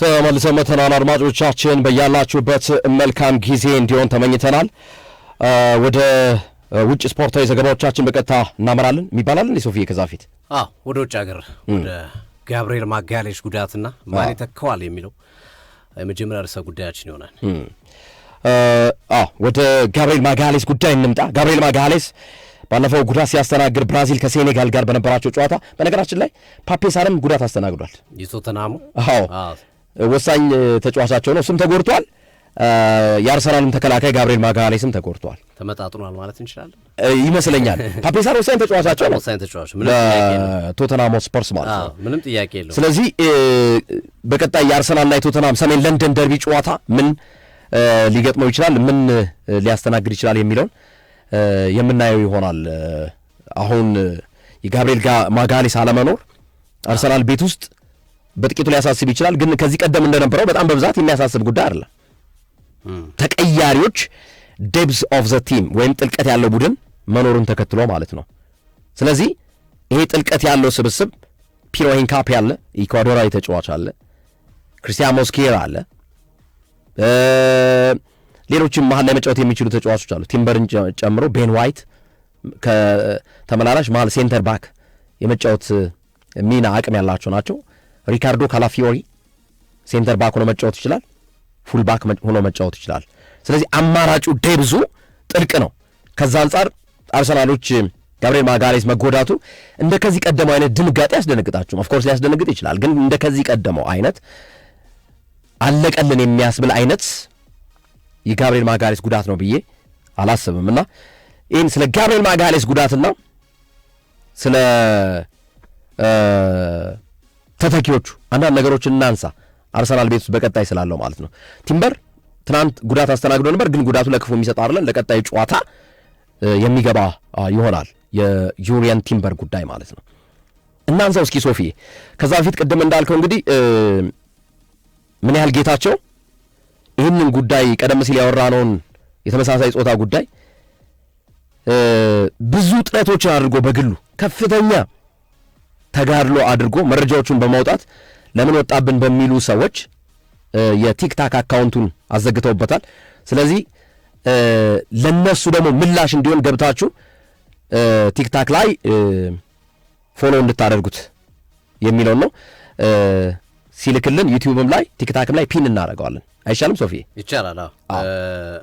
ተመልሰን መተናል። አድማጮቻችን በያላችሁበት መልካም ጊዜ እንዲሆን ተመኝተናል። ወደ ውጭ ስፖርታዊ ዘገባዎቻችን በቀጥታ እናመራለን። የሚባላል እንዴ ሶፊ ከዛ ፊት ወደ ውጭ ሀገር ወደ ጋብርኤል ማጋሌሽ ጉዳትና ማን ተከዋል የሚለው የመጀመሪያ ርዕሰ ጉዳያችን ይሆናል። ወደ ጋብርኤል ማጋሌስ ጉዳይ እንምጣ። ጋብርኤል ማጋሌስ ባለፈው ጉዳት ሲያስተናግድ ብራዚል ከሴኔጋል ጋር በነበራቸው ጨዋታ በነገራችን ላይ ፓፔሳርም ጉዳት አስተናግዷል። የቶተናሙ ወሳኝ ተጫዋቻቸው ነው። ስም ተጎድቷል። የአርሰናሉም ተከላካይ ጋብሪኤል ማጋሌስም ተጎድቷል። ተመጣጥኗል ማለት እንችላለን ይመስለኛል። ፓፔሳር ወሳኝ ተጫዋቻቸው ነው፣ ቶተናም ስፐርስ ማለት ነው። ምንም ጥያቄ የለው። ስለዚህ በቀጣይ የአርሰናልና የቶተናም ሰሜን ለንደን ደርቢ ጨዋታ ምን ሊገጥመው ይችላል፣ ምን ሊያስተናግድ ይችላል የሚለውን የምናየው ይሆናል። አሁን የጋብሪኤል ማጋሌስ አለመኖር አርሰናል ቤት ውስጥ በጥቂቱ ሊያሳስብ ይችላል፣ ግን ከዚህ ቀደም እንደነበረው በጣም በብዛት የሚያሳስብ ጉዳይ አይደለም። ተቀያሪዎች ዴብዝ ኦፍ ዘ ቲም ወይም ጥልቀት ያለው ቡድን መኖሩን ተከትሎ ማለት ነው። ስለዚህ ይሄ ጥልቀት ያለው ስብስብ ፒሮ ካፕ ያለ ኢኳዶራዊ ተጫዋች አለ፣ ክርስቲያን ሞስኬራ አለ፣ ሌሎችም መሀል ላይ መጫወት የሚችሉ ተጫዋቾች አሉ፣ ቲምበርን ጨምሮ ቤን ዋይት ከተመላላሽ መሀል ሴንተር ባክ የመጫወት ሚና አቅም ያላቸው ናቸው። ሪካርዶ ካላፊዮሪ ሴንተር ባክ ሆኖ መጫወት ይችላል። ፉል ባክ ሆኖ መጫወት ይችላል። ስለዚህ አማራጩ ደብዙ ጥልቅ ነው። ከዛ አንጻር አርሰናሎች ጋብሪኤል ማጋሌስ መጎዳቱ እንደ ከዚህ ቀደመው አይነት ድንጋጤ ያስደነግጣችሁም ኦፍኮርስ ሊያስደነግጥ ይችላል። ግን እንደ ከዚህ ቀደመው አይነት አለቀልን የሚያስብል አይነት የጋብሪኤል ማጋሌስ ጉዳት ነው ብዬ አላስብም እና ይህን ስለ ጋብሪኤል ማጋሌስ ጉዳትና ስለ ተተኪዎቹ አንዳንድ ነገሮችን እናንሳ። አርሰናል ቤት ውስጥ በቀጣይ ስላለው ማለት ነው። ቲምበር ትናንት ጉዳት አስተናግዶ ነበር፣ ግን ጉዳቱ ለክፉ የሚሰጠው አይደለም። ለቀጣይ ጨዋታ የሚገባ ይሆናል። የዩሪየን ቲምበር ጉዳይ ማለት ነው። እናንሳው እስኪ ሶፊ። ከዛ በፊት ቅድም እንዳልከው እንግዲህ ምን ያህል ጌታቸው ይህንን ጉዳይ ቀደም ሲል ያወራነውን የተመሳሳይ ጾታ ጉዳይ ብዙ ጥረቶችን አድርጎ በግሉ ከፍተኛ ተጋድሎ አድርጎ መረጃዎቹን በማውጣት ለምን ወጣብን በሚሉ ሰዎች የቲክታክ አካውንቱን አዘግተውበታል። ስለዚህ ለነሱ ደግሞ ምላሽ እንዲሆን ገብታችሁ ቲክታክ ላይ ፎሎ እንድታደርጉት የሚለውን ነው ሲልክልን ዩቲዩብም ላይ ቲክታክም ላይ ፒን እናደርገዋለን። አይሻልም ሶፊ? ይቻላል።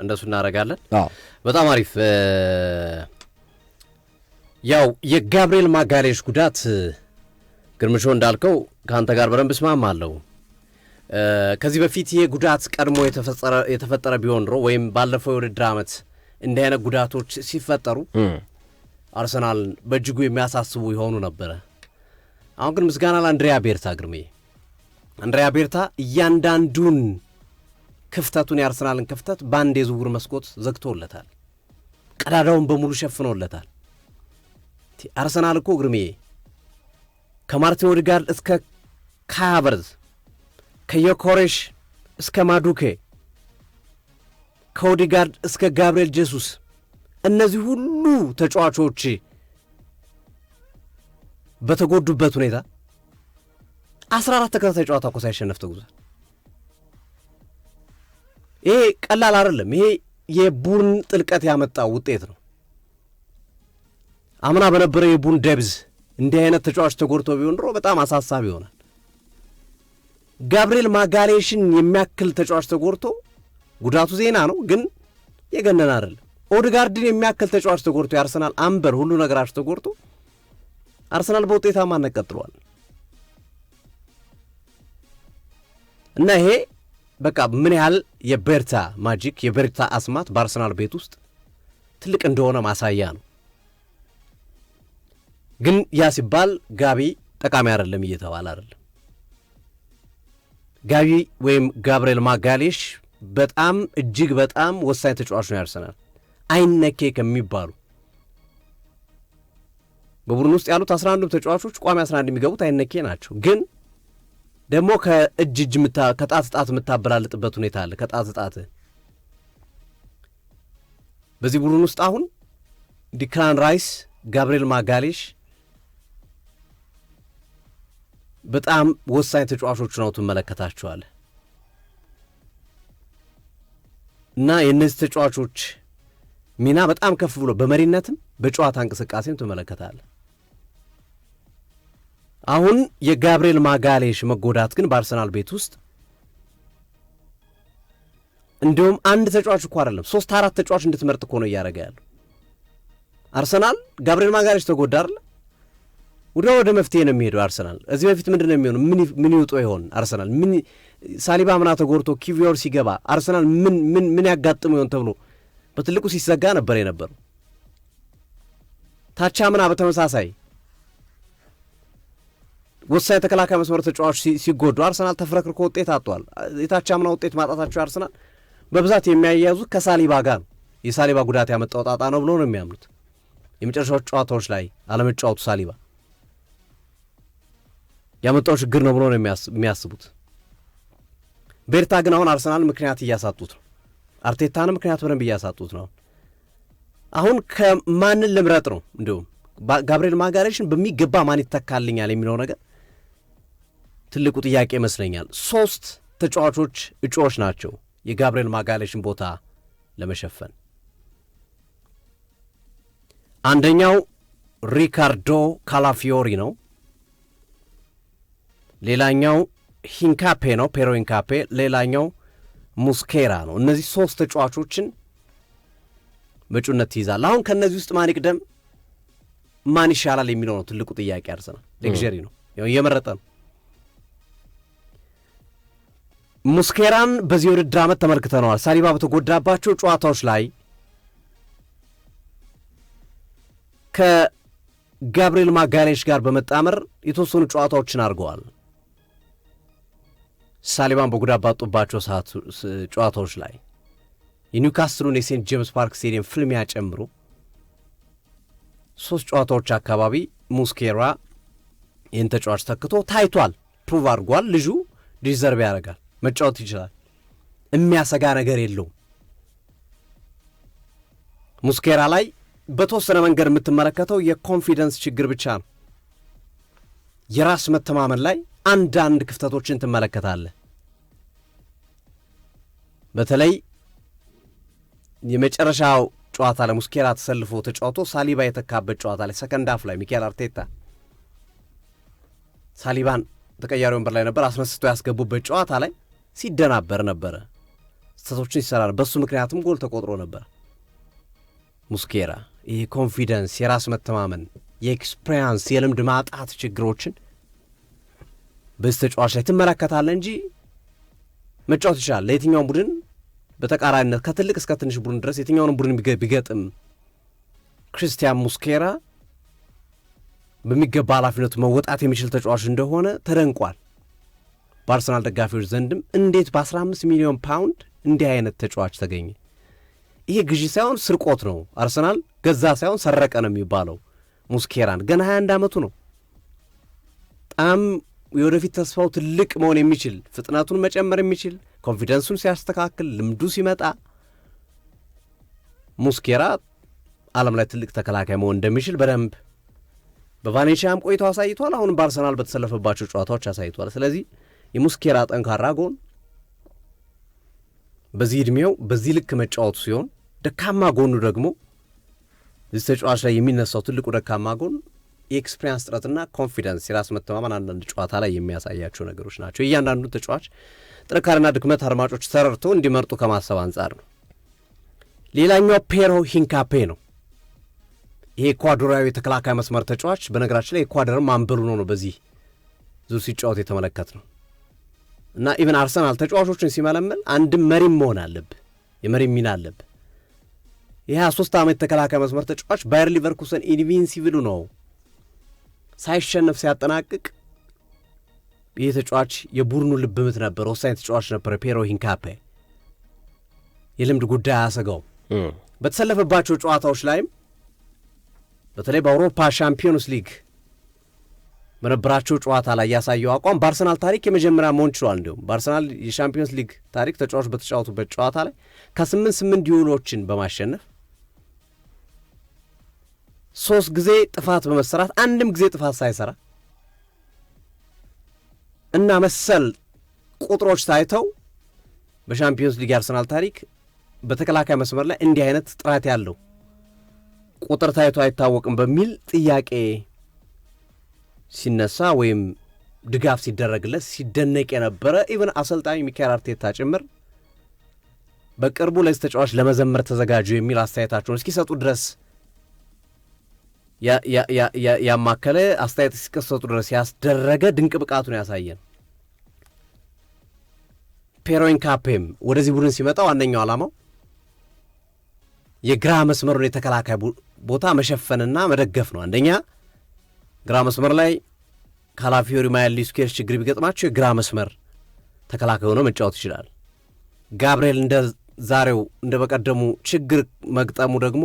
እንደሱ እናደርጋለን። በጣም አሪፍ። ያው የጋብሪኤል ማጋሌሽ ጉዳት ግርምሾ እንዳልከው ከአንተ ጋር በደንብ እስማማለሁ። ከዚህ በፊት ይሄ ጉዳት ቀድሞ የተፈጠረ ቢሆን ኖሮ ወይም ባለፈው የውድድር ዓመት እንዲህ አይነት ጉዳቶች ሲፈጠሩ አርሰናልን በእጅጉ የሚያሳስቡ የሆኑ ነበረ። አሁን ግን ምስጋና ለአንድሪያ ቤርታ ግርሜ። አንድሪያ ቤርታ እያንዳንዱን ክፍተቱን የአርሰናልን ክፍተት በአንድ የዝውውር መስኮት ዘግቶለታል። ቀዳዳውን በሙሉ ሸፍኖለታል። አርሰናል እኮ ግርሜ ከማርቲን ኦዲጋርድ እስከ ካያበርዝ ከየኮሬሽ እስከ ማዱኬ ከኦዲጋርድ እስከ ጋብርኤል ጄሱስ እነዚህ ሁሉ ተጫዋቾች በተጎዱበት ሁኔታ አስራ አራት ተከታታይ ጨዋታ እኮ ሳይሸነፍ ተጉዟል። ይሄ ቀላል አይደለም። ይሄ የቡድን ጥልቀት ያመጣው ውጤት ነው። አምና በነበረ የቡድን ደብዝ እንዲህ አይነት ተጫዋች ተጎድቶ ቢሆን ድሮ በጣም አሳሳቢ ይሆናል። ጋብሪኤል ማጋሌሽን የሚያክል ተጫዋች ተጎድቶ ጉዳቱ ዜና ነው፣ ግን የገነን አይደለም። ኦድጋርድን የሚያክል ተጫዋች ተጎድቶ የአርሰናል አምበር ሁሉ ነገራች ተጎድቶ አርሰናል በውጤታማነት ቀጥሏል። እና ይሄ በቃ ምን ያህል የቤርታ ማጂክ የቤርታ አስማት በአርሰናል ቤት ውስጥ ትልቅ እንደሆነ ማሳያ ነው። ግን ያ ሲባል ጋቢ ጠቃሚ አይደለም እየተባለ አይደለም። ጋቢ ወይም ጋብርኤል ማጋሌሽ በጣም እጅግ በጣም ወሳኝ ተጫዋች ነው ያርሰናል። አይነኬ ከሚባሉ በቡድን ውስጥ ያሉት 11 ተጫዋቾች ቋሚ 11 የሚገቡት አይነኬ ናቸው። ግን ደግሞ ከእጅ እጅ ከጣት ጣት የምታበላልጥበት ሁኔታ አለ። ከጣት ጣት በዚህ ቡድን ውስጥ አሁን ዲክላን ራይስ፣ ጋብርኤል ማጋሌሽ በጣም ወሳኝ ተጫዋቾች ነው ትመለከታቸዋል እና የእነዚህ ተጫዋቾች ሚና በጣም ከፍ ብሎ በመሪነትም በጨዋታ እንቅስቃሴም ትመለከታል። አሁን የጋብርኤል ማጋሌሽ መጎዳት ግን በአርሰናል ቤት ውስጥ እንዲሁም አንድ ተጫዋች እኮ አይደለም ሶስት አራት ተጫዋች እንድትመርጥ እኮ ነው እያደረገ ያለው አርሰናል። ጋብርኤል ማጋሌሽ ተጎዳ አይደለም ወዲያው ወደ መፍትሄ ነው የሚሄደው አርሰናል። እዚህ በፊት ምንድን ነው የሚሆነው? ምን ይውጦ ይሆን አርሰናል? ምን ሳሊባ ምና ተጎርቶ ኪቪዮር ሲገባ አርሰናል ምን ምን ምን ያጋጥሙ ይሆን ተብሎ በትልቁ ሲዘጋ ነበር የነበረው። ታቻ ምና በተመሳሳይ ወሳኝ የተከላካይ መስመር ተጫዋች ሲጎዱ አርሰናል ተፍረክርኮ ውጤት አጥቷል። የታቻ ምና ውጤት ማጣታቸው አርሰናል በብዛት የሚያያዙት ከሳሊባ ጋር ነው። የሳሊባ ጉዳት ያመጣው ጣጣ ነው ብሎ ነው የሚያምኑት። የመጨረሻዎች ጨዋታዎች ላይ አለመጫወቱ ሳሊባ ያመጣው ችግር ነው ብሎ ነው የሚያስቡት። ቤርታ ግን አሁን አርሰናል ምክንያት እያሳጡት ነው። አርቴታን ምክንያት በደንብ እያሳጡት ነው። አሁን ከማንን ልምረጥ ነው እንዲሁም ጋብርኤል ማጋሬሽን በሚገባ ማን ይተካልኛል የሚለው ነገር ትልቁ ጥያቄ ይመስለኛል። ሶስት ተጫዋቾች እጩዎች ናቸው የጋብርኤል ማጋሌሽን ቦታ ለመሸፈን። አንደኛው ሪካርዶ ካላፊዮሪ ነው። ሌላኛው ሂንካፔ ነው፣ ፔሮ ሂንካፔ። ሌላኛው ሙስኬራ ነው። እነዚህ ሶስት ተጫዋቾችን በእጩነት ትይዛል። አሁን ከእነዚህ ውስጥ ማን ይቅደም ማን ይሻላል የሚለው ነው ትልቁ ጥያቄ። አርሰናል ሌክዠሪ ነው እየመረጠ ነው። ሙስኬራን በዚህ ውድድር ዓመት ተመልክተነዋል። ሳሊባ በተጎዳባቸው ጨዋታዎች ላይ ከጋብሪኤል ማጋሌሽ ጋር በመጣመር የተወሰኑ ጨዋታዎችን አድርገዋል። ሳሊባን በጉዳት ባጡባቸው ጨዋታዎች ላይ የኒውካስትሉን የሴንት ጄምስ ፓርክ ስቴዲየም ፍልሚያ ጨምሮ ሶስት ጨዋታዎች አካባቢ ሙስኬራ ይህን ተጫዋች ተክቶ ታይቷል። ፕሩቭ አድርጓል። ልጁ ዲዘርቭ ያደርጋል፣ መጫወት ይችላል። የሚያሰጋ ነገር የለውም። ሙስኬራ ላይ በተወሰነ መንገድ የምትመለከተው የኮንፊደንስ ችግር ብቻ ነው። የራስ መተማመን ላይ አንዳንድ ክፍተቶችን ትመለከታለህ። በተለይ የመጨረሻው ጨዋታ ለሙስኬራ ተሰልፎ ተጫውቶ ሳሊባ የተካበት ጨዋታ ላይ ሰከንድ አፍ ላይ ሚካኤል አርቴታ ሳሊባን ተቀያሪ ወንበር ላይ ነበር አስነስቶ ያስገቡበት ጨዋታ ላይ ሲደናበር ነበረ። ስህተቶችን ሲሰራ ነበር። በእሱ ምክንያትም ጎል ተቆጥሮ ነበር። ሙስኬራ ይህ ኮንፊደንስ፣ የራስ መተማመን፣ የኤክስፔሪያንስ የልምድ ማጣት ችግሮችን በዚህ ተጫዋች ላይ ትመለከታለህ እንጂ መጫወት ይችላል። ለየትኛውን ቡድን በተቃራኒነት ከትልቅ እስከ ትንሽ ቡድን ድረስ የትኛውንም ቡድን ቢገጥም ክርስቲያን ሙስኬራ በሚገባ ኃላፊነቱ መወጣት የሚችል ተጫዋች እንደሆነ ተደንቋል። በአርሰናል ደጋፊዎች ዘንድም እንዴት በ15 ሚሊዮን ፓውንድ እንዲህ አይነት ተጫዋች ተገኘ? ይሄ ግዢ ሳይሆን ስርቆት ነው። አርሰናል ገዛ ሳይሆን ሰረቀ ነው የሚባለው። ሙስኬራን ገና 21 ዓመቱ ነው። በጣም የወደፊት ተስፋው ትልቅ መሆን የሚችል ፍጥነቱን መጨመር የሚችል ኮንፊደንሱን ሲያስተካክል ልምዱ ሲመጣ ሙስኬራ ዓለም ላይ ትልቅ ተከላካይ መሆን እንደሚችል በደንብ በቫሌንሺያም ቆይቶ አሳይቷል። አሁንም በአርሰናል በተሰለፈባቸው ጨዋታዎች አሳይቷል። ስለዚህ የሙስኬራ ጠንካራ ጎን በዚህ እድሜው በዚህ ልክ መጫወቱ ሲሆን ደካማ ጎኑ ደግሞ እዚህ ተጫዋች ላይ የሚነሳው ትልቁ ደካማ ጎን የኤክስፔሪያንስ ጥረትና ኮንፊደንስ፣ የራስ መተማመን አንዳንድ ጨዋታ ላይ የሚያሳያቸው ነገሮች ናቸው። እያንዳንዱ ተጫዋች ጥንካሬና ድክመት አድማጮች ተረድቶ እንዲመርጡ ከማሰብ አንጻር ነው። ሌላኛው ፔሮ ሂንካፔ ነው። ይሄ ኢኳዶራዊ የተከላካይ መስመር ተጫዋች በነገራችን ላይ ኳደር አንበሉ ነው ነው በዚህ ዙር ሲጫወት የተመለከት ነው እና ኢቨን አርሰናል ተጫዋቾችን ሲመለምል አንድም መሪም መሆን አለብ የመሪ ሚና አለብ ይህ ሶስት ዓመት ተከላካይ መስመር ተጫዋች ባየር ሊቨርኩሰን ኢንቪንሲቪሉ ነው ሳይሸነፍ ሲያጠናቅቅ ይህ ተጫዋች የቡድኑ ልብ ምት ነበር። ወሳኝ ተጫዋች ነበረ። ፔሮ ሂንካፔ የልምድ ጉዳይ አያሰጋውም። በተሰለፈባቸው ጨዋታዎች ላይም በተለይ በአውሮፓ ሻምፒዮንስ ሊግ በነበራቸው ጨዋታ ላይ ያሳየው አቋም በአርሰናል ታሪክ የመጀመሪያ መሆን ችሏል። እንዲሁም በአርሰናል የሻምፒዮንስ ሊግ ታሪክ ተጫዋች በተጫወቱበት ጨዋታ ላይ ከስምንት ስምንት ዲዩሎችን በማሸነፍ ሶስት ጊዜ ጥፋት በመሰራት አንድም ጊዜ ጥፋት ሳይሰራ እና መሰል ቁጥሮች ታይተው በሻምፒዮንስ ሊግ አርሰናል ታሪክ በተከላካይ መስመር ላይ እንዲህ አይነት ጥራት ያለው ቁጥር ታይቶ አይታወቅም በሚል ጥያቄ ሲነሳ ወይም ድጋፍ ሲደረግለት ሲደነቅ የነበረ ኢቨን አሰልጣኝ ሚካኤል አርቴታ ጭምር በቅርቡ ለዚህ ተጫዋች ለመዘመር ተዘጋጁ የሚል አስተያየታቸውን እስኪሰጡ ድረስ ያማከለ አስተያየት እስኪከሰጡ ድረስ ያስደረገ ድንቅ ብቃቱን ያሳየን ፔሮን ካፔም ወደዚህ ቡድን ሲመጣ ዋነኛው ዓላማው የግራ መስመሩን የተከላካይ ቦታ መሸፈንና መደገፍ ነው። አንደኛ ግራ መስመር ላይ ካላፊዮሪ ማያሊስኬር ችግር ቢገጥማቸው የግራ መስመር ተከላካይ ሆኖ መጫወት ይችላል። ጋብርኤል እንደ ዛሬው እንደ በቀደሙ ችግር መግጠሙ ደግሞ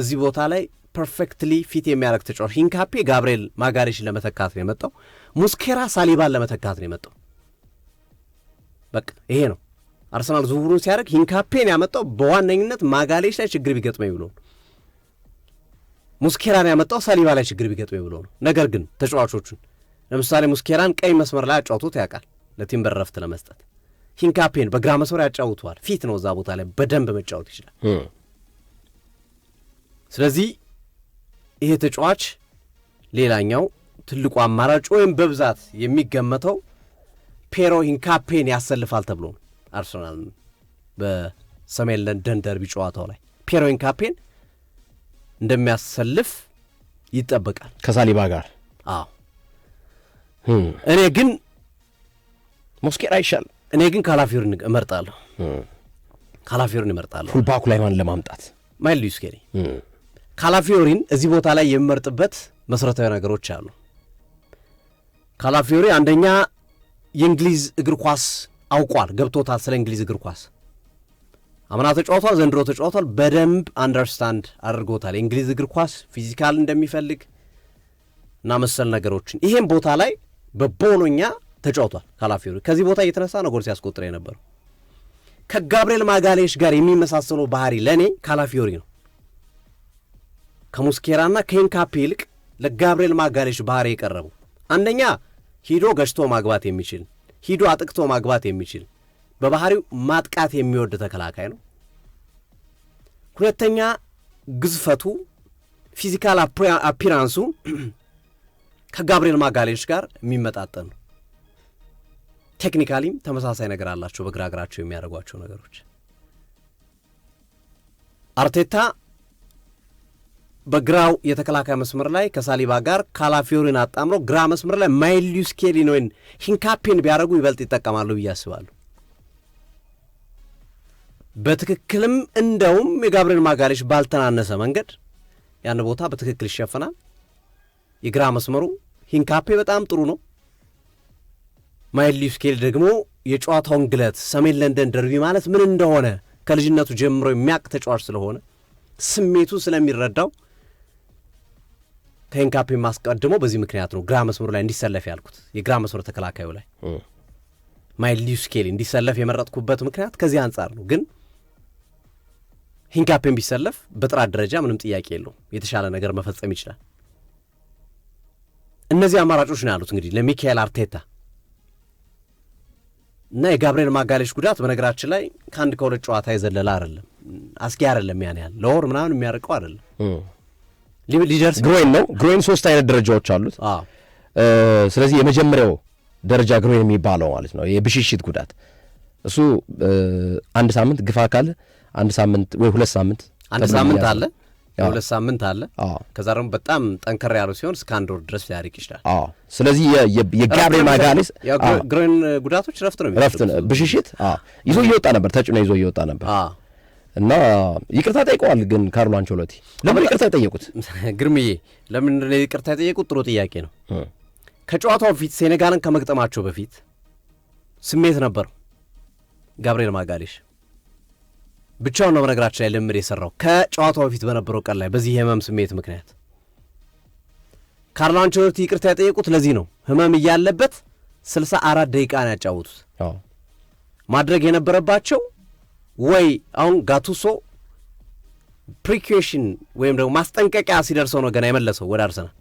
እዚህ ቦታ ላይ ፐርፌክትሊ ፊት የሚያደርግ ተጫዋች ሂንካፔ ጋብርኤል ማጋሬሽን ለመተካት ነው የመጣው። ሙስኬራ ሳሊባን ለመተካት ነው የመጣው። በቃ ይሄ ነው አርሰናል ዝውውሩን ሲያደርግ ሂንካፔን ያመጣው በዋነኝነት ማጋሌሽ ላይ ችግር ቢገጥመኝ ብሎ ነው። ሙስኬራን ያመጣው ሳሊባ ላይ ችግር ቢገጥመኝ ብሎ ነው። ነገር ግን ተጫዋቾቹን ለምሳሌ ሙስኬራን ቀይ መስመር ላይ አጫውቶት ያውቃል፣ ለቲምበር ረፍት ለመስጠት ሂንካፔን በግራ መስመር ያጫውተዋል። ፊት ነው እዛ ቦታ ላይ በደንብ መጫወት ይችላል። ስለዚህ ይሄ ተጫዋች ሌላኛው ትልቁ አማራጭ ወይም በብዛት የሚገመተው ፔሮ ኢንካፔን ያሰልፋል ተብሎ ነው። አርሰናል በሰሜን ለንደን ደርቢ ጨዋታው ላይ ፔሮ ኢንካፔን እንደሚያሰልፍ ይጠበቃል ከሳሊባ ጋር። አዎ እኔ ግን ሞስኬራ ይሻል። እኔ ግን ካላፊዮርን እመርጣለሁ። ካላፊዮርን እመርጣለሁ። ፉልባኩ ላይ ማን ለማምጣት ማይል ሉዊስ ስኬሊ ካላፊዮሪን እዚህ ቦታ ላይ የሚመርጥበት መሰረታዊ ነገሮች አሉ። ካላፊዮሪ አንደኛ የእንግሊዝ እግር ኳስ አውቋል፣ ገብቶታል። ስለ እንግሊዝ እግር ኳስ አምና ተጫውቷል፣ ዘንድሮ ተጫውቷል። በደንብ አንደርስታንድ አድርጎታል። የእንግሊዝ እግር ኳስ ፊዚካል እንደሚፈልግ እና መሰል ነገሮችን ይሄም ቦታ ላይ በቦሎኛ ተጫውቷል ካላፊዮሪ። ከዚህ ቦታ እየተነሳ ነው ጎል ሲያስቆጥር የነበረው። ከጋብርኤል ማጋሌሽ ጋር የሚመሳሰለው ባህሪ ለእኔ ካላፊዮሪ ነው። ከሙስኬራና ከኤንካፔ ይልቅ ለጋብርኤል ማጋሌሽ ባህሪ የቀረቡ አንደኛ ሂዶ ገጭቶ ማግባት የሚችል ሂዶ አጥቅቶ ማግባት የሚችል በባህሪው ማጥቃት የሚወድ ተከላካይ ነው። ሁለተኛ ግዝፈቱ፣ ፊዚካል አፒራንሱ ከጋብርኤል ማጋሌሽ ጋር የሚመጣጠን ነው። ቴክኒካሊም ተመሳሳይ ነገር አላቸው። በግራ የሚያደርጓቸው ነገሮች አርቴታ በግራው የተከላካይ መስመር ላይ ከሳሊባ ጋር ካላፊዮሪን አጣምሮ ግራ መስመር ላይ ማይልዩስ ኬሊን ወይን ሂንካፔን ቢያደርጉ ይበልጥ ይጠቀማሉ ብዬ አስባለሁ። በትክክልም እንደውም የጋብሬል ማጋሌሽ ባልተናነሰ መንገድ ያን ቦታ በትክክል ይሸፈናል። የግራ መስመሩ ሂንካፔ በጣም ጥሩ ነው። ማይልዩስ ኬሊ ደግሞ የጨዋታውን ግለት ሰሜን ለንደን ደርቢ ማለት ምን እንደሆነ ከልጅነቱ ጀምሮ የሚያውቅ ተጫዋች ስለሆነ ስሜቱ ስለሚረዳው ከኤንካፕ ማስቀድሞ በዚህ ምክንያት ነው። ግራ መስመሩ ላይ እንዲሰለፍ ያልኩት የግራ መስመሩ ተከላካዩ ላይ ማይልስ ስኬሊ እንዲሰለፍ የመረጥኩበት ምክንያት ከዚህ አንጻር ነው። ግን ሂንካፔን ቢሰለፍ በጥራት ደረጃ ምንም ጥያቄ የለው የተሻለ ነገር መፈጸም ይችላል። እነዚህ አማራጮች ነው ያሉት እንግዲህ ለሚካኤል አርቴታ እና የጋብርኤል ማጋሌሽ ጉዳት በነገራችን ላይ ከአንድ ከሁለት ጨዋታ የዘለለ አይደለም። አስጊ አይደለም። ያን ያህል ለወር ምናምን የሚያርቀው አይደለም። ሊደርስ ግሮይን ነው። ግሮይን ሶስት አይነት ደረጃዎች አሉት። ስለዚህ የመጀመሪያው ደረጃ ግሮይን የሚባለው ማለት ነው የብሽሽት ጉዳት እሱ አንድ ሳምንት ግፋ ካለ አንድ ሳምንት ወይ ሁለት ሳምንት አንድ ሳምንት አለ ሁለት ሳምንት አለ። ከዛ ደግሞ በጣም ጠንከር ያሉ ሲሆን እስከ አንድ ወር ድረስ ሊያሪቅ ይችላል። ስለዚህ የጋብሬ ማጋሌስ ግሮይን ጉዳቶች ረፍት ነው ረፍት ብሽሽት ይዞ እየወጣ ነበር ተጭኖ ይዞ እየወጣ ነበር እና ይቅርታ ጠይቀዋል። ግን ካርሎ አንቸሎቲ ለምን ይቅርታ የጠየቁት? ግርምዬ ለምን ይቅርታ የጠየቁት? ጥሩ ጥያቄ ነው። ከጨዋታው በፊት ሴኔጋልን ከመግጠማቸው በፊት ስሜት ነበር። ጋብርኤል ማጋሌሽ ብቻውን ነው በነገራችን ላይ ልምድ የሰራው ከጨዋታው በፊት በነበረው ቀን ላይ በዚህ የህመም ስሜት ምክንያት ካርሎ አንቸሎቲ ይቅርታ የጠየቁት ለዚህ ነው። ህመም እያለበት ስልሳ አራት ደቂቃ ነው ያጫወቱት ማድረግ የነበረባቸው ወይ አሁን ጋቱሶ ፕሪኩዌሽን ወይም ደግሞ ማስጠንቀቂያ ሲደርሰው ነው ገና የመለሰው ወደ አርሰናል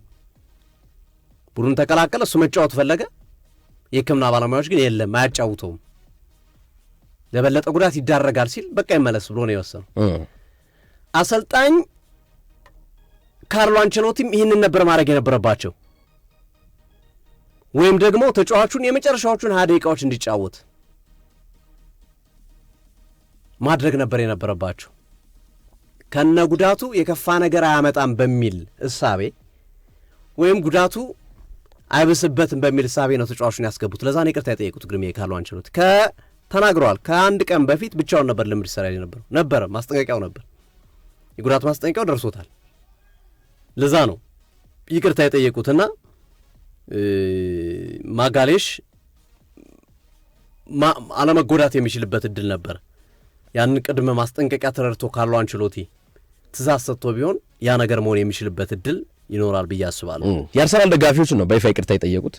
ቡድን ተቀላቀለ። እሱ መጫወት ፈለገ። የሕክምና ባለሙያዎች ግን የለም አያጫውተውም፣ ለበለጠ ጉዳት ይዳረጋል ሲል በቃ ይመለስ ብሎ ነው የወሰነው። አሰልጣኝ ካርሎ አንቸሎቲም ይህንን ነበር ማድረግ የነበረባቸው ወይም ደግሞ ተጫዋቹን የመጨረሻዎቹን ሀያ ደቂቃዎች እንዲጫወት ማድረግ ነበር የነበረባቸው። ከነ ጉዳቱ የከፋ ነገር አያመጣም በሚል እሳቤ ወይም ጉዳቱ አይብስበትም በሚል እሳቤ ነው ተጫዋቹን ያስገቡት። ለዛ ነው ይቅርታ የጠየቁት ግርሜ ካርሎ አንችሉት ተናግረዋል። ከአንድ ቀን በፊት ብቻውን ነበር ልምድ ሲሰራ ነበረው ነበረ ማስጠንቀቂያው ነበር የጉዳት ማስጠንቀቂያው ደርሶታል። ለዛ ነው ይቅርታ የጠየቁትና ማጋሌሽ አለመጎዳት የሚችልበት እድል ነበር። ያን ቅድመ ማስጠንቀቂያ ተረድቶ ካለው አንችሎቲ ትእዛዝ ሰጥቶ ቢሆን ያ ነገር መሆን የሚችልበት እድል ይኖራል ብዬ አስባለሁ። የአርሰናል ደጋፊዎች ነው በይፋ ይቅርታ የጠየቁት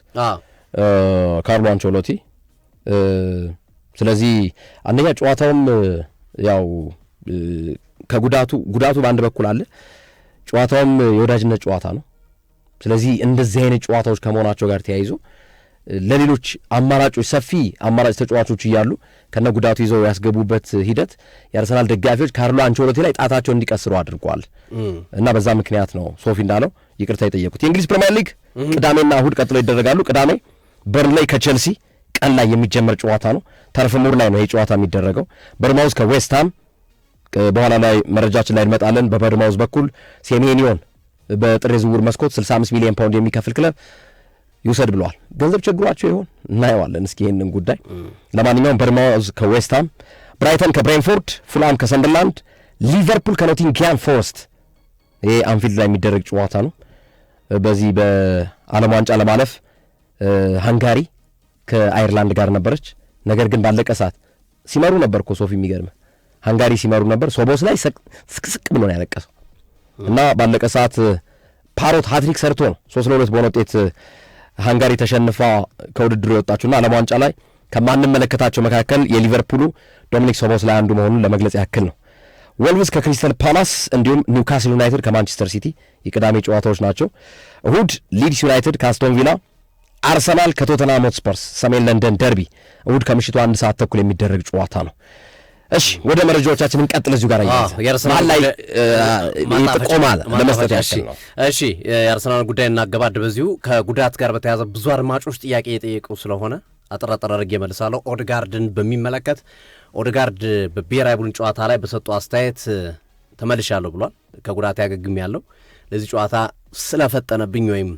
ካርሎ አንቸሎቲ። ስለዚህ አንደኛ ጨዋታውም ያው ከጉዳቱ ጉዳቱ በአንድ በኩል አለ፣ ጨዋታውም የወዳጅነት ጨዋታ ነው። ስለዚህ እንደዚህ አይነት ጨዋታዎች ከመሆናቸው ጋር ተያይዞ ለሌሎች አማራጮች ሰፊ አማራጭ ተጫዋቾች እያሉ ከነ ጉዳቱ ይዘው ያስገቡበት ሂደት የአርሰናል ደጋፊዎች ካርሎ አንቸሎቲ ላይ ጣታቸው እንዲቀስሩ አድርጓል እና በዛ ምክንያት ነው ሶፊ እንዳለው ይቅርታ የጠየቁት። የእንግሊዝ ፕሪምየር ሊግ ቅዳሜና እሁድ ቀጥሎ ይደረጋሉ። ቅዳሜ በርንላይ ከቼልሲ ቀን ላይ የሚጀመር ጨዋታ ነው። ተርፍ ሙር ላይ ነው ይህ ጨዋታ የሚደረገው። በርማውዝ ከዌስትሃም በኋላ ላይ መረጃችን ላይ እንመጣለን። በበርማውዝ በኩል ሴሜኒዮን በጥር ዝውውር መስኮት 65 ሚሊዮን ፓውንድ የሚከፍል ክለብ ይውሰድ ብለዋል። ገንዘብ ቸግሯቸው ይሆን? እናየዋለን። እስኪ ይህንን ጉዳይ ለማንኛውም በርማዝ ከዌስትሃም፣ ብራይተን ከብሬንፎርድ፣ ፉልሃም ከሰንደርላንድ፣ ሊቨርፑል ከኖቲንግሃም ፎረስት ይሄ አንፊልድ ላይ የሚደረግ ጨዋታ ነው። በዚህ በዓለም ዋንጫ ለማለፍ ሃንጋሪ ከአይርላንድ ጋር ነበረች። ነገር ግን ባለቀ ሰዓት ሲመሩ ነበር እኮ ሶፊ፣ የሚገርም ሃንጋሪ ሲመሩ ነበር። ሶቦስ ላይ ስቅስቅ ብሎ ነው ያለቀሰው እና ባለቀ ሰዓት ፓሮት ሀትሪክ ሰርቶ ነው ሶስት ለሁለት በሆነ ውጤት ሃንጋሪ ተሸንፋ ከውድድሩ የወጣችሁና ዓለም ዋንጫ ላይ ከማንመለከታቸው መካከል የሊቨርፑሉ ዶሚኒክ ሶቦስ ላይ አንዱ መሆኑን ለመግለጽ ያክል ነው። ወልቭስ ከክሪስተል ፓላስ እንዲሁም ኒውካስል ዩናይትድ ከማንቸስተር ሲቲ የቅዳሜ ጨዋታዎች ናቸው። እሁድ ሊድስ ዩናይትድ ከአስቶን ቪላ፣ አርሰናል ከቶተንሃም ሆትስፐርስ ሰሜን ለንደን ደርቢ እሁድ ከምሽቱ አንድ ሰዓት ተኩል የሚደረግ ጨዋታ ነው። እሺ ወደ መረጃዎቻችን እንቀጥል። እዚሁ ጋር ላይ ጥቆማ ለመስጠት ያክል ነው። እሺ የአርሰናል ጉዳይ እናገባድ። በዚሁ ከጉዳት ጋር በተያዘ ብዙ አድማጮች ጥያቄ የጠየቁ ስለሆነ አጠራጠር አድርጌ መልሳለሁ። ኦድጋርድን በሚመለከት ኦድጋርድ በብሔራዊ ቡድን ጨዋታ ላይ በሰጡ አስተያየት ተመልሻለሁ ብሏል። ከጉዳት ያገግም ያለው ለዚህ ጨዋታ ስለፈጠነብኝ ወይም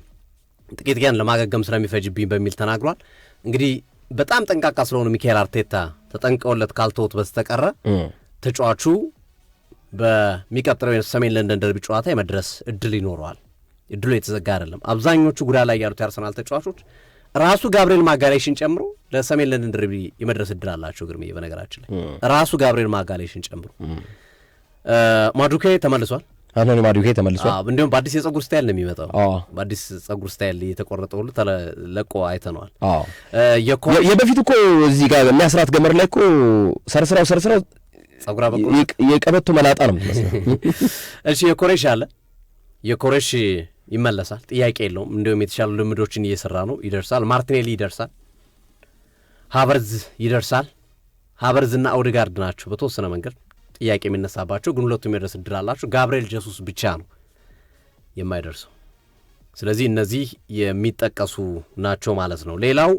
ጥቂት ቀን ለማገገም ስለሚፈጅብኝ በሚል ተናግሯል። እንግዲህ በጣም ጠንቃቃ ስለሆኑ ሚካኤል አርቴታ ተጠንቀውለት ካልተውት በስተቀረ ተጫዋቹ በሚቀጥለው ሰሜን ለንደን ደርቢ ጨዋታ የመድረስ እድል ይኖረዋል። እድሉ የተዘጋ አይደለም። አብዛኞቹ ጉዳት ላይ ያሉት የአርሰናል ተጫዋቾች ራሱ ጋብሪኤል ማጋሌሽን ጨምሮ ለሰሜን ለንደን ደርቢ የመድረስ እድል አላቸው። ግርሜ በነገራችን ላይ ራሱ ጋብሪኤል ማጋሌሽን ጨምሮ ማዱኬ ተመልሷል። አንቶኒ ማዱኬ ተመልሷል። እንዲሁም በአዲስ የጸጉር ስታይል ነው የሚመጣው። በአዲስ ጸጉር ስታይል የተቆረጠ ሁሉ ተለቆ አይተነዋል። የበፊት እኮ እዚህ ጋር የሚያስራት ገመር ላይ እኮ ሰርስራው ሰርስራው ጸጉራ የቀበቶ መላጣ ነው የምትመስለው። እሺ የኮሬሽ አለ የኮሬሽ ይመለሳል፣ ጥያቄ የለውም። እንዲሁም የተሻሉ ልምዶችን እየሰራ ነው፣ ይደርሳል። ማርቲኔሊ ይደርሳል፣ ሀቨርዝ ይደርሳል። እና ኦድጋርድ ናቸው በተወሰነ መንገድ ጥያቄ የሚነሳባቸው ግን ሁለቱ የደረስ እድል አላቸው። ጋብርኤል ጀሱስ ብቻ ነው የማይደርሰው። ስለዚህ እነዚህ የሚጠቀሱ ናቸው ማለት ነው። ሌላው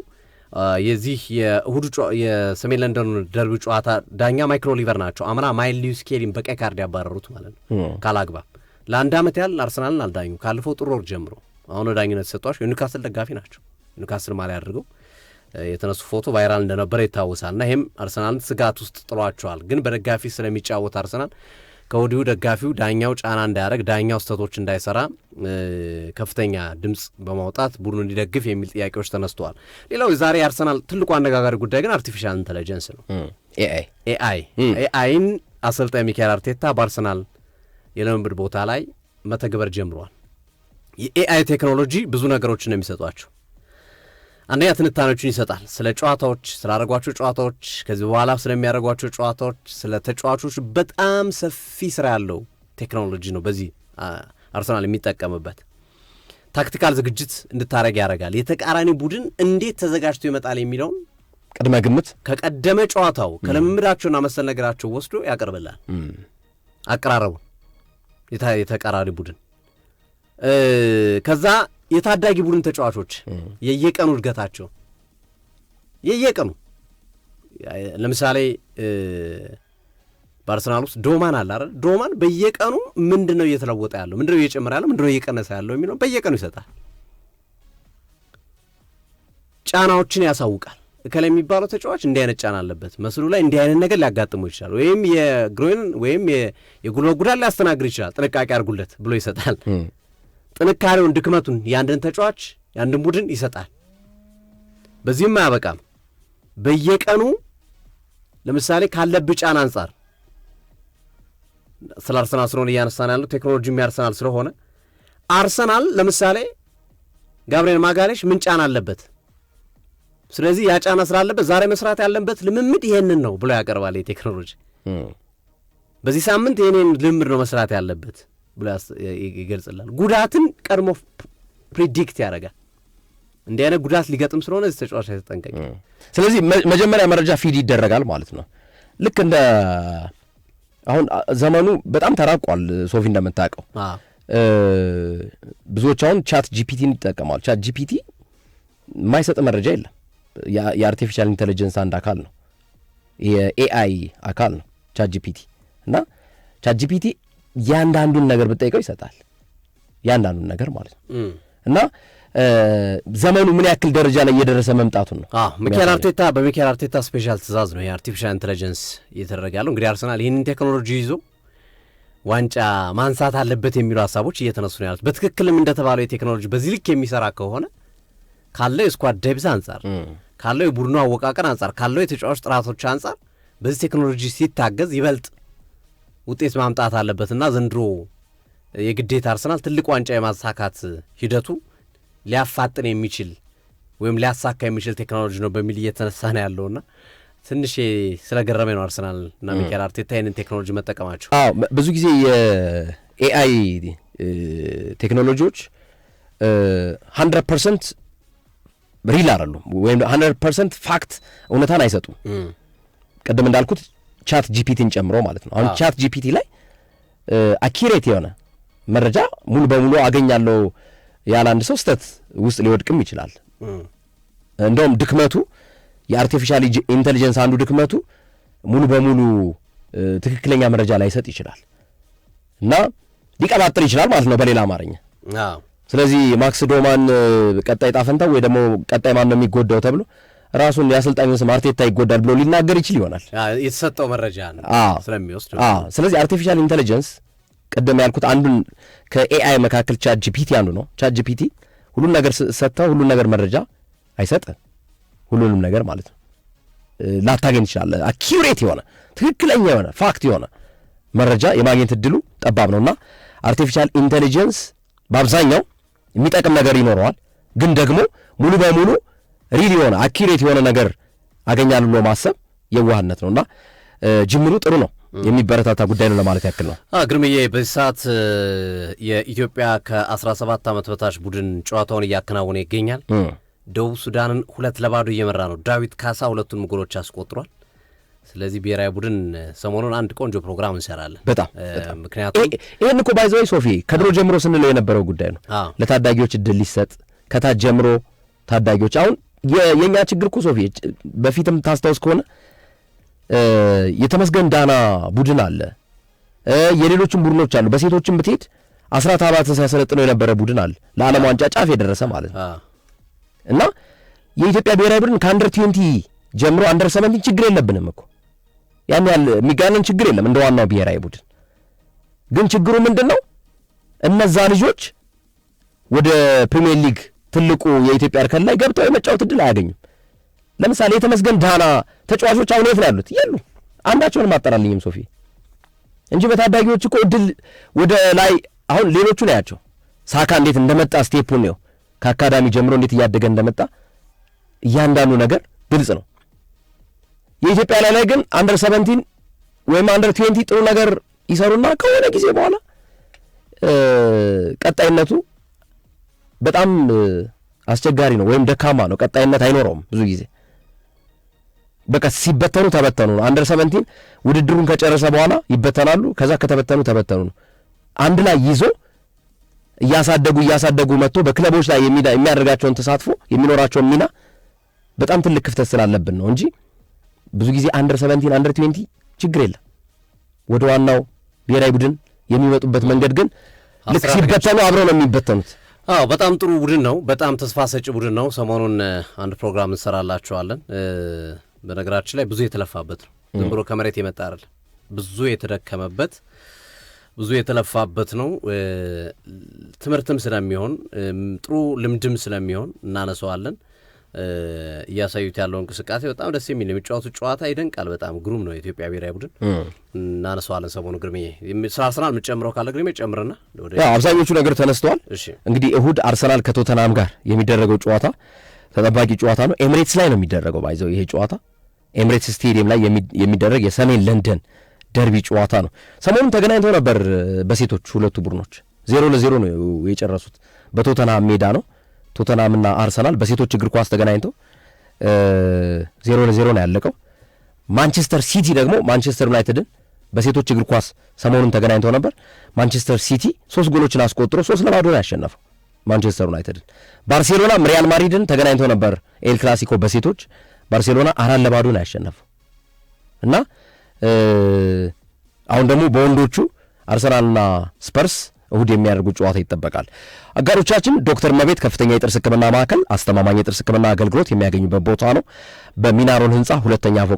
የዚህ የእሁዱ የሰሜን ለንደኑ ደርቢ ጨዋታ ዳኛ ማይክል ኦሊቨር ናቸው። አምና ማይል ሊዩስ ኬሪን በቀይ ካርድ ያባረሩት ማለት ነው ካላግባብ። ለአንድ ዓመት ያህል አርሰናልን አልዳኙ ካለፈው ጥር ወር ጀምሮ አሁን ዳኝነት የሰጧቸው የኒውካስል ደጋፊ ናቸው። ኒውካስል ማሊያ አድርገው የተነሱ ፎቶ ቫይራል እንደነበረ ይታወሳል። እና ይህም አርሰናልን ስጋት ውስጥ ጥሏቸዋል። ግን በደጋፊ ስለሚጫወት አርሰናል ከወዲሁ ደጋፊው ዳኛው ጫና እንዳያደርግ፣ ዳኛው ስህተቶች እንዳይሰራ ከፍተኛ ድምፅ በማውጣት ቡድኑ እንዲደግፍ የሚል ጥያቄዎች ተነስተዋል። ሌላው የዛሬ የአርሰናል ትልቁ አነጋጋሪ ጉዳይ ግን አርቲፊሻል ኢንተለጀንስ ነው። ኤአይ ኤአይን አሰልጣኝ ሚካኤል አርቴታ በአርሰናል የልምምድ ቦታ ላይ መተግበር ጀምሯል። የኤአይ ቴክኖሎጂ ብዙ ነገሮችን ነው የሚሰጧቸው አንደኛ ትንታኔዎችን ይሰጣል። ስለ ጨዋታዎች፣ ስላደረጓቸው ጨዋታዎች፣ ከዚህ በኋላ ስለሚያደርጓቸው ጨዋታዎች፣ ስለ ተጫዋቾች በጣም ሰፊ ስራ ያለው ቴክኖሎጂ ነው። በዚህ አርሰናል የሚጠቀምበት ታክቲካል ዝግጅት እንድታደረግ ያደርጋል። የተቃራኒ ቡድን እንዴት ተዘጋጅቶ ይመጣል የሚለውን ቅድመ ግምት ከቀደመ ጨዋታው ከልምምዳቸውና መሰል ነገራቸው ወስዶ ያቀርብላል። አቀራረቡ የተቃራኒ ቡድን ከዛ የታዳጊ ቡድን ተጫዋቾች የየቀኑ እድገታቸው የየቀኑ ለምሳሌ በአርሰናል ውስጥ ዶማን አለ አይደል? ዶማን በየቀኑ ምንድን ነው እየተለወጠ ያለው ምንድነው እየጨመረ ያለው ምንድነው እየቀነሰ ያለው የሚለው በየቀኑ ይሰጣል። ጫናዎችን ያሳውቃል። እከላይ የሚባለው ተጫዋች እንዲህ አይነት ጫና አለበት፣ መስሉ ላይ እንዲህ አይነት ነገር ሊያጋጥመው ይችላል፣ ወይም የግሮይን ወይም የጉልበት ጉዳት ሊያስተናግድ ይችላል፣ ጥንቃቄ አድርጉለት ብሎ ይሰጣል። ጥንካሬውን፣ ድክመቱን የአንድን ተጫዋች የአንድን ቡድን ይሰጣል። በዚህም አያበቃም። በየቀኑ ለምሳሌ ካለብህ ጫና አንጻር ስለ አርሰናል ስለሆነ እያነሳን ያለው ቴክኖሎጂ የአርሰናል ስለሆነ አርሰናል ለምሳሌ ጋብርኤል ማጋሌሽ ምን ጫና አለበት? ስለዚህ ያ ጫና ስላለበት ዛሬ መስራት ያለበት ልምምድ ይሄንን ነው ብሎ ያቀርባል። የቴክኖሎጂ በዚህ ሳምንት ይህንን ልምምድ ነው መስራት ያለበት ብሎ ይገልጽላል። ጉዳትን ቀድሞ ፕሪዲክት ያደርጋል። እንዲህ አይነት ጉዳት ሊገጥም ስለሆነ እዚህ ተጫዋች አይተጠንቀቅ። ስለዚህ መጀመሪያ መረጃ ፊድ ይደረጋል ማለት ነው። ልክ እንደ አሁን ዘመኑ በጣም ተራቋል። ሶፊ እንደምታውቀው ብዙዎች አሁን ቻት ጂፒቲን ይጠቀማሉ። ቻት ጂፒቲ የማይሰጥ መረጃ የለም። የአርቲፊሻል ኢንቴሊጀንስ አንድ አካል ነው፣ የኤአይ አካል ነው ቻት ጂፒቲ እና ቻት ጂፒቲ ያንዳንዱን ነገር ብጠይቀው ይሰጣል። ያንዳንዱን ነገር ማለት ነው እና ዘመኑ ምን ያክል ደረጃ ላይ እየደረሰ መምጣቱን ነው። ሚካኤል አርቴታ በሚካኤል አርቴታ ስፔሻል ትእዛዝ ነው የአርቲፊሻል ኢንቴለጀንስ እየተደረገ ያለው። እንግዲህ አርሰናል ይህንን ቴክኖሎጂ ይዞ ዋንጫ ማንሳት አለበት የሚሉ ሀሳቦች እየተነሱ ነው ያሉት። በትክክልም እንደተባለው የቴክኖሎጂ በዚህ ልክ የሚሰራ ከሆነ ካለው የስኳድ ደብዝ አንጻር፣ ካለው የቡድኑ አወቃቀር አንጻር፣ ካለው የተጫዋች ጥራቶች አንጻር በዚህ ቴክኖሎጂ ሲታገዝ ይበልጥ ውጤት ማምጣት አለበትና ዘንድሮ የግዴታ አርሰናል ትልቅ ዋንጫ የማሳካት ሂደቱ ሊያፋጥን የሚችል ወይም ሊያሳካ የሚችል ቴክኖሎጂ ነው በሚል እየተነሳ ነው ያለውና ትንሽ ስለገረመ ነው አርሰናል እና ሚካኤል አርቴታ ይህንን ቴክኖሎጂ መጠቀማቸው። አዎ ብዙ ጊዜ የኤአይ ቴክኖሎጂዎች ሀንድረድ ፐርሰንት ሪል አይደሉም፣ ወይም ሀንድረድ ፐርሰንት ፋክት እውነታን አይሰጡም። ቅድም እንዳልኩት ቻት ጂፒቲን ጨምሮ ማለት ነው። አሁን ቻት ጂፒቲ ላይ አኪሬት የሆነ መረጃ ሙሉ በሙሉ አገኛለሁ ያለ አንድ ሰው ስህተት ውስጥ ሊወድቅም ይችላል። እንደውም ድክመቱ የአርቲፊሻል ኢንቴሊጀንስ አንዱ ድክመቱ ሙሉ በሙሉ ትክክለኛ መረጃ ላይሰጥ ይችላል እና ሊቀባጥር ይችላል ማለት ነው በሌላ አማርኛ። ስለዚህ ማክስ ዶማን ቀጣይ ጣፈንታ ወይ ደግሞ ቀጣይ ማን ነው የሚጎዳው ተብሎ ራሱን የአሰልጣኝ ስም አርቴታ ይጎዳል ብሎ ሊናገር ይችል ይሆናል። የተሰጠው መረጃ ነው ስለሚወስድ። ስለዚህ አርቲፊሻል ኢንቴሊጀንስ ቅድም ያልኩት አንዱን ከኤአይ መካከል ቻት ጂፒቲ አንዱ ነው። ቻት ጂፒቲ ሁሉን ነገር ሰጥተው ሁሉን ነገር መረጃ አይሰጥም። ሁሉንም ነገር ማለት ነው ላታገኝ ትችላለህ። አኪውሬት የሆነ ትክክለኛ የሆነ ፋክት የሆነ መረጃ የማግኘት እድሉ ጠባብ ነውና አርቲፊሻል ኢንቴሊጀንስ በአብዛኛው የሚጠቅም ነገር ይኖረዋል፣ ግን ደግሞ ሙሉ በሙሉ ሪል የሆነ አኪሬት የሆነ ነገር አገኛለሁ ብሎ ማሰብ የዋህነት ነው እና ጅምሩ ጥሩ ነው የሚበረታታ ጉዳይ ነው ለማለት ያክል ነው። ግርምዬ በዚህ ሰዓት የኢትዮጵያ ከ17 ዓመት በታች ቡድን ጨዋታውን እያከናወነ ይገኛል። ደቡብ ሱዳንን ሁለት ለባዶ እየመራ ነው። ዳዊት ካሳ ሁለቱን ጎሎች አስቆጥሯል። ስለዚህ ብሔራዊ ቡድን ሰሞኑን አንድ ቆንጆ ፕሮግራም እንሰራለን። በጣም ምክንያቱም ይህን እኮ ባይዘዋይ ሶፊ ከድሮ ጀምሮ ስንለው የነበረው ጉዳይ ነው። ለታዳጊዎች እድል ሊሰጥ ከታች ጀምሮ ታዳጊዎች አሁን የእኛ ችግር እኮ ሶፊ በፊትም ታስታውስ ከሆነ የተመስገን ዳና ቡድን አለ፣ የሌሎችም ቡድኖች አሉ። በሴቶችም ብትሄድ አስራት አባተ ሲያሰለጥነው የነበረ ቡድን አለ፣ ለዓለም ዋንጫ ጫፍ የደረሰ ማለት ነው። እና የኢትዮጵያ ብሔራዊ ቡድን ከአንደር ትዌንቲ ጀምሮ አንደር ሰቨንቲን ችግር የለብንም እኮ ያን ያህል የሚጋነን ችግር የለም እንደ ዋናው ብሔራዊ ቡድን። ግን ችግሩ ምንድን ነው? እነዛ ልጆች ወደ ፕሪሚየር ሊግ ትልቁ የኢትዮጵያ እርከን ላይ ገብተው የመጫወት እድል አያገኙም። ለምሳሌ የተመስገን ዳና ተጫዋቾች አሁን የት ነው ያሉት? የሉ አንዳቸውንም አጠራልኝም ሶፊ እንጂ በታዳጊዎች እኮ እድል ወደ ላይ አሁን ሌሎቹ ነው ያቸው ሳካ እንዴት እንደመጣ ስቴፑን ነው ከአካዳሚ ጀምሮ እንዴት እያደገ እንደመጣ እያንዳንዱ ነገር ግልጽ ነው። የኢትዮጵያ ላይ ላይ ግን አንደር ሰቨንቲን ወይም አንደር ትዌንቲ ጥሩ ነገር ይሰሩና ከሆነ ጊዜ በኋላ ቀጣይነቱ በጣም አስቸጋሪ ነው ወይም ደካማ ነው። ቀጣይነት አይኖረውም። ብዙ ጊዜ በቃ ሲበተኑ ተበተኑ ነው። አንደር ሰቨንቲን ውድድሩን ከጨረሰ በኋላ ይበተናሉ። ከዛ ከተበተኑ ተበተኑ ነው። አንድ ላይ ይዞ እያሳደጉ እያሳደጉ መጥቶ በክለቦች ላይ የሚያደርጋቸውን ተሳትፎ የሚኖራቸውን ሚና በጣም ትልቅ ክፍተት ስላለብን ነው እንጂ ብዙ ጊዜ አንደር ሰቨንቲን አንደር ትዌንቲ ችግር የለም። ወደ ዋናው ብሔራዊ ቡድን የሚመጡበት መንገድ ግን ልክ ሲበተኑ አብረው ነው የሚበተኑት። አዎ በጣም ጥሩ ቡድን ነው። በጣም ተስፋ ሰጪ ቡድን ነው። ሰሞኑን አንድ ፕሮግራም እንሰራላችኋለን። በነገራችን ላይ ብዙ የተለፋበት ነው። ዝም ብሎ ከመሬት የመጣ አይደለም። ብዙ የተደከመበት፣ ብዙ የተለፋበት ነው። ትምህርትም ስለሚሆን ጥሩ ልምድም ስለሚሆን እናነሰዋለን። እያሳዩት ያለው እንቅስቃሴ በጣም ደስ የሚል የሚጫወቱ ጨዋታ ይደንቃል። በጣም ግሩም ነው የኢትዮጵያ ብሔራዊ ቡድን። እናነሰዋለን ሰሞኑ ግርሜ ስለ አርሰናል የምትጨምረው ካለ ግርሜ ጨምርና አብዛኞቹ ነገር ተነስተዋል። እንግዲህ እሁድ አርሰናል ከቶተናም ጋር የሚደረገው ጨዋታ ተጠባቂ ጨዋታ ነው። ኤምሬትስ ላይ ነው የሚደረገው ባይዘው ይሄ ጨዋታ ኤምሬትስ ስቴዲየም ላይ የሚደረግ የሰሜን ለንደን ደርቢ ጨዋታ ነው። ሰሞኑን ተገናኝተው ነበር በሴቶች ሁለቱ ቡድኖች ዜሮ ለዜሮ ነው የጨረሱት። በቶተናም ሜዳ ነው ቶተናምና አርሰናል በሴቶች እግር ኳስ ተገናኝተው ዜሮ ለዜሮ ነው ያለቀው። ማንቸስተር ሲቲ ደግሞ ማንቸስተር ዩናይትድን በሴቶች እግር ኳስ ሰሞኑን ተገናኝተው ነበር። ማንቸስተር ሲቲ ሶስት ጎሎችን አስቆጥሮ ሶስት ለባዶ ነው ያሸነፈው ማንቸስተር ዩናይትድን። ባርሴሎናም ሪያል ማድሪድን ተገናኝተው ነበር ኤል ክላሲኮ በሴቶች ባርሴሎና አራት ለባዶ ነው ያሸነፈው እና አሁን ደግሞ በወንዶቹ አርሰናልና ስፐርስ እሁድ የሚያደርጉ ጨዋታ ይጠበቃል። አጋሮቻችን ዶክተር መቤት ከፍተኛ የጥርስ ሕክምና ማዕከል አስተማማኝ የጥርስ ሕክምና አገልግሎት የሚያገኙበት ቦታ ነው። በሚናሮን ህንፃ ሁለተኛ ፎቅ